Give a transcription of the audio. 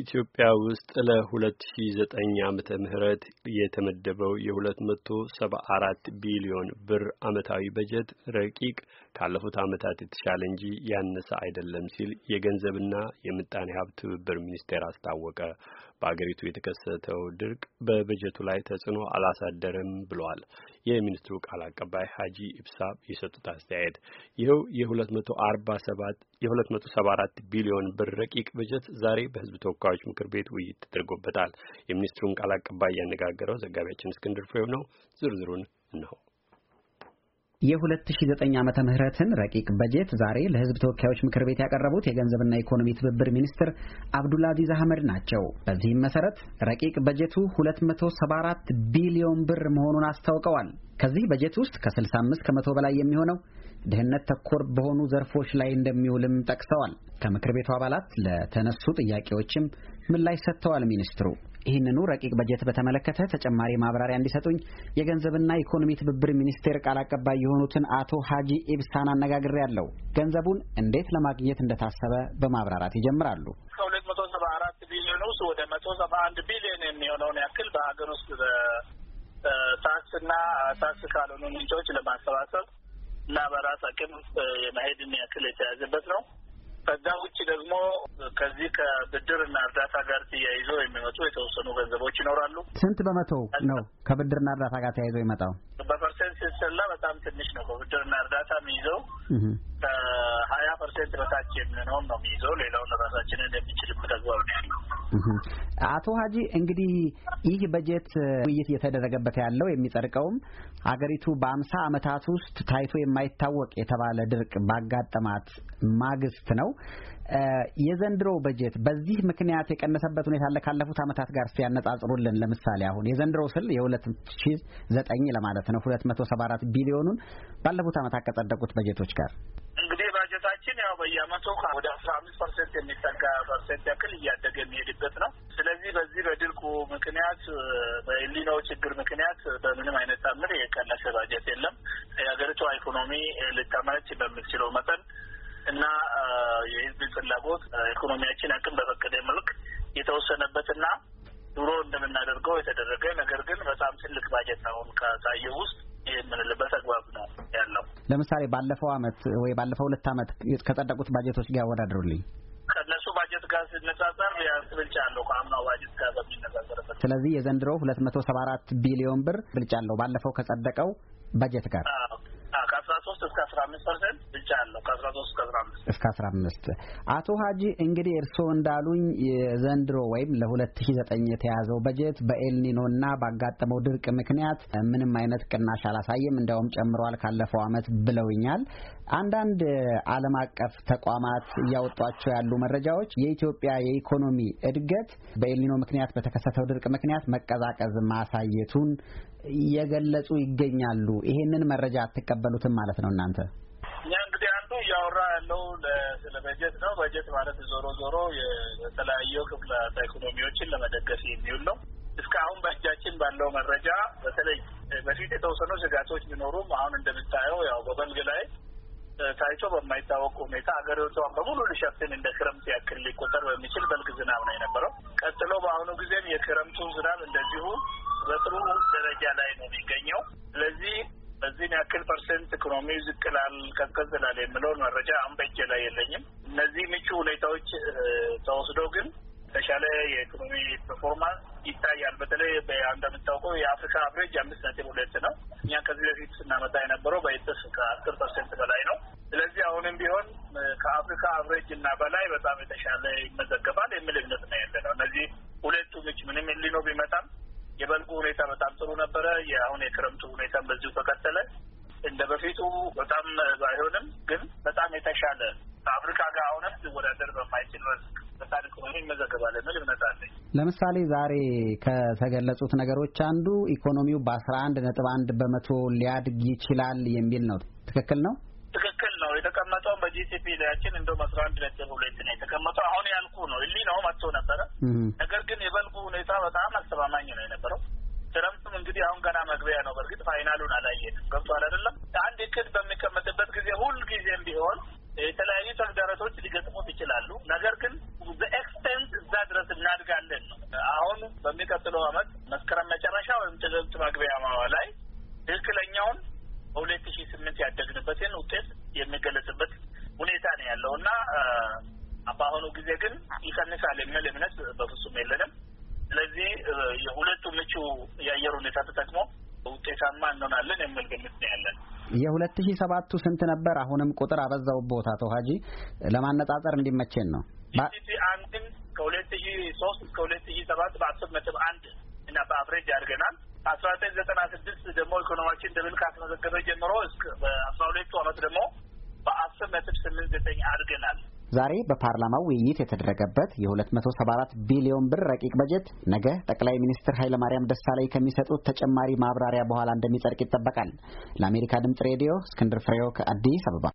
ኢትዮጵያ ውስጥ ለ2009 ዓመተ ምህረት የተመደበው የ274 ቢሊዮን ብር ዓመታዊ በጀት ረቂቅ ካለፉት ዓመታት የተሻለ እንጂ ያነሰ አይደለም ሲል የገንዘብና የምጣኔ ሀብት ትብብር ሚኒስቴር አስታወቀ። በአገሪቱ የተከሰተው ድርቅ በበጀቱ ላይ ተጽዕኖ አላሳደረም ብለዋል። የሚኒስትሩ ቃል አቀባይ ሀጂ ኢብሳ የሰጡት አስተያየት ይኸው የ274 ቢሊዮን ብር ረቂቅ በጀት ዛሬ በህዝብ ተወካዮች ምክር ቤት ውይይት ተደርጎበታል። የሚኒስትሩን ቃል አቀባይ ያነጋገረው ዘጋቢያችን እስክንድር ፍሬው ነው። ዝርዝሩን ነው የ2009 ዓመተ ምህረትን ረቂቅ በጀት ዛሬ ለሕዝብ ተወካዮች ምክር ቤት ያቀረቡት የገንዘብና ኢኮኖሚ ትብብር ሚኒስትር አብዱልአዚዝ አህመድ ናቸው። በዚህም መሰረት ረቂቅ በጀቱ 274 ቢሊዮን ብር መሆኑን አስታውቀዋል። ከዚህ በጀት ውስጥ ከ65 ከመቶ በላይ የሚሆነው ድህነት ተኮር በሆኑ ዘርፎች ላይ እንደሚውልም ጠቅሰዋል። ከምክር ቤቱ አባላት ለተነሱ ጥያቄዎችም ምላሽ ሰጥተዋል ሚኒስትሩ ይህንኑ ረቂቅ በጀት በተመለከተ ተጨማሪ ማብራሪያ እንዲሰጡኝ የገንዘብና ኢኮኖሚ ትብብር ሚኒስቴር ቃል አቀባይ የሆኑትን አቶ ሀጂ ኢብሳን አነጋግሬ ያለው ገንዘቡን እንዴት ለማግኘት እንደታሰበ በማብራራት ይጀምራሉ። ከሁለት መቶ ሰባ አራት ቢሊዮን ውስጥ ወደ መቶ ሰባ አንድ ቢሊዮን የሚሆነውን ያክል በሀገር ውስጥ ታክስ እና ታክስ ካልሆኑ ምንጮች ለማሰባሰብ እና በራስ አቅም የመሄድን ያክል የተያዘበት ነው። ከዛ ውጭ ደግሞ ከዚህ ከብድርና እርዳታ ጋር ተያይዞ የሚመጡ የተወሰኑ ገንዘቦች ይኖራሉ። ስንት በመቶ ነው ከብድርና እርዳታ ጋር ተያይዞ ይመጣው? በፐርሰንት ስንሰላ በጣም ትንሽ ነው። በብድርና እርዳታ የሚይዘው ከሀያ ፐርሰንት በታች የምንሆን ነው የሚይዘው። ሌላውን ራሳችንን የሚችል አቶ ሀጂ እንግዲህ ይህ በጀት ውይይት እየተደረገበት ያለው የሚጸድቀውም ሀገሪቱ በአምሳ አመታት ውስጥ ታይቶ የማይታወቅ የተባለ ድርቅ ባጋጠማት ማግስት ነው። የዘንድሮ በጀት በዚህ ምክንያት የቀነሰበት ሁኔታ አለ? ካለፉት አመታት ጋር ሲያነጻጽሩልን፣ ለምሳሌ አሁን የዘንድሮ ስል የሁለት ሺ ዘጠኝ ለማለት ነው ሁለት መቶ ሰባ አራት ቢሊዮኑን ባለፉት ዓመታት ከጸደቁት በጀቶች ጋር መደራጀታችን ያው በየአመቱ ወደ አስራ አምስት ፐርሰንት የሚጠጋ ፐርሰንት ያክል እያደገ የሚሄድበት ነው። ስለዚህ በዚህ በድርቁ ምክንያት በኤልኒኖ ችግር ምክንያት በምንም አይነት ታምር የቀነሰ ባጀት የለም። የሀገሪቷ ኢኮኖሚ ልታመነጭ በምትችለው መጠን እና የህዝብ ፍላጎት ኢኮኖሚያችን አቅም በፈቀደ መልክ የተወሰነበትና ድሮ እንደምናደርገው የተደረገ ነገር ግን በጣም ትልቅ ባጀት አሁን ከታየው ውስጥ ለምሳሌ ባለፈው አመት ወይ ባለፈው ሁለት አመት ከጸደቁት ባጀቶች ጋር ያወዳድሩልኝ። ከእነሱ ባጀት ጋር ሲነጻጸር ቢያንስ ብልጫ አለው ከአምናው ባጀት ጋር በሚነጻጸርበት። ስለዚህ የዘንድሮ ሁለት መቶ ሰባ አራት ቢሊዮን ብር ብልጫ አለው ባለፈው ከጸደቀው ባጀት ጋር ከአስራ ሶስት እስከ አስራ አምስት ፐርሰንት ምርጫ አለው ከአስራ ሶስት ከአስራ አምስት እስከ አስራ አምስት አቶ ሀጂ እንግዲህ እርስዎ እንዳሉኝ ዘንድሮ ወይም ለሁለት ሺ ዘጠኝ የተያዘው በጀት በኤልኒኖ እና ባጋጠመው ድርቅ ምክንያት ምንም አይነት ቅናሽ አላሳየም እንዲያውም ጨምሯል ካለፈው አመት ብለውኛል አንዳንድ ዓለም አቀፍ ተቋማት እያወጧቸው ያሉ መረጃዎች የኢትዮጵያ የኢኮኖሚ እድገት በኤልኒኖ ምክንያት በተከሰተው ድርቅ ምክንያት መቀዛቀዝ ማሳየቱን የገለጹ ይገኛሉ። ይሄንን መረጃ አትቀበሉትም ማለት ነው እናንተ? እያወራ ያለው ስለ በጀት ነው። በጀት ማለት ዞሮ ዞሮ የተለያዩ ክፍለ ኢኮኖሚዎችን ለመደገፍ የሚውል ነው። እስካሁን በእጃችን ባለው መረጃ በተለይ በፊት የተወሰኑ ስጋቶች ቢኖሩም አሁን እንደምታየው ያው በበልግ ላይ ታይቶ በማይታወቅ ሁኔታ አገሪቷን በሙሉ ሊሸፍን እንደ ክረምት ያክል ሊቆጠር በሚችል በልግ ዝናብ ነው የነበረው። ቀጥሎ በአሁኑ ጊዜም የክረምቱ ዝናብ እንደዚሁ በጥሩ ደረጃ ላይ ነው የሚገኘው። ስለዚህ በዚህን ያክል ፐርሰንት ኢኮኖሚ ዝቅ ላል ቀዝቀዝ ላል የምለውን መረጃ አንበጀ ላይ የለኝም። እነዚህ ምቹ ሁኔታዎች ተወስዶ ግን የተሻለ የኢኮኖሚ ፐርፎርማንስ ይታያል። በተለይ እንደምታውቀው የአፍሪካ አብሬጅ አምስት ነጥብ ሁለት ነው። እኛ ከዚህ በፊት ስናመጣ የነበረው በኢትስ ከአስር ፐርሰንት በላይ ነው። ስለዚህ አሁንም ቢሆን ከአፍሪካ አብሬጅ እና በላይ በጣም የተሻለ ይመዘገባል። የተሻለ ከአፍሪካ ጋር አሁንም ሊወዳደር በማይችል በታሪክ ሆኖ ይመዘገባል የሚል እምነት አለኝ። ለምሳሌ ዛሬ ከተገለጹት ነገሮች አንዱ ኢኮኖሚው በአስራ አንድ ነጥብ አንድ በመቶ ሊያድግ ይችላል የሚል ነው። ትክክል ነው። ትክክል ነው። የተቀመጠውን በጂሲፒ ላያችን እንደ አስራ አንድ ነጥብ ሁለት ነው የተቀመጠው። አሁን ያልኩ ነው እሊ ነው መጥቶ ነበረ። ነገር ግን የበልጉ ሁኔታ በጣም አስተማማኝ ነው የነበረው። ክረምቱም እንግዲህ አሁን ገና መግቢያ ነው። በእርግጥ ፋይናሉን አላየንም። ገብቷል አይደለም? አንድ እቅድ በሚቀመጥበት ጊዜ ሁልጊዜም ቢሆን የተለያዩ ተግዳሮቶች ሊገጥሙት ይችላሉ። ነገር ግን በኤክስቴንት እዛ ድረስ እናድጋለን ነው። አሁን በሚቀጥለው አመት መስከረም መጨረሻ ወይም ጥቅምት መግቢያ ላይ ትክክለኛውን በሁለት ሺ ስምንት ያደግንበትን ውጤት የሚገለጽበት ሁኔታ ነው ያለው እና በአሁኑ ጊዜ ግን ይቀንሳል የሚል እምነት በፍጹም የለንም። ስለዚህ የሁለቱ ምቹ የአየር ሁኔታ ተጠቅሞ ውጤታማ እንሆናለን የሚል ግምት ነው ያለን። የሁለት ሺህ ሰባቱ ስንት ነበር? አሁንም ቁጥር አበዛውቦት አቶ ሀጂ ለማነጻጸር እንዲመቼን ነው። ጂዲፒ አንድን ከሁለት ሺህ ሶስት እስከ ሁለት ሺህ ሰባት በአስር ነጥብ አንድ እና በአፍሬጅ ያድርገናል። አስራ ዘጠኝ ዘጠና ስድስት ደግሞ ኢኮኖሚያችን ደብል ካስመዘገበ ጀምሮ እስከ በአስራ ሁለቱ አመት ደግሞ በአስር ነጥብ ስምንት ዘጠኝ አድርገናል። ዛሬ በፓርላማው ውይይት የተደረገበት የ274 ቢሊዮን ብር ረቂቅ በጀት ነገ ጠቅላይ ሚኒስትር ኃይለማርያም ደሳለኝ ከሚሰጡት ተጨማሪ ማብራሪያ በኋላ እንደሚጸድቅ ይጠበቃል። ለአሜሪካ ድምጽ ሬዲዮ እስክንድር ፍሬው ከአዲስ አበባ